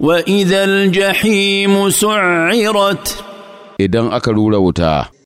وإذا الجحيم سعرت إذا أكلوا لوتا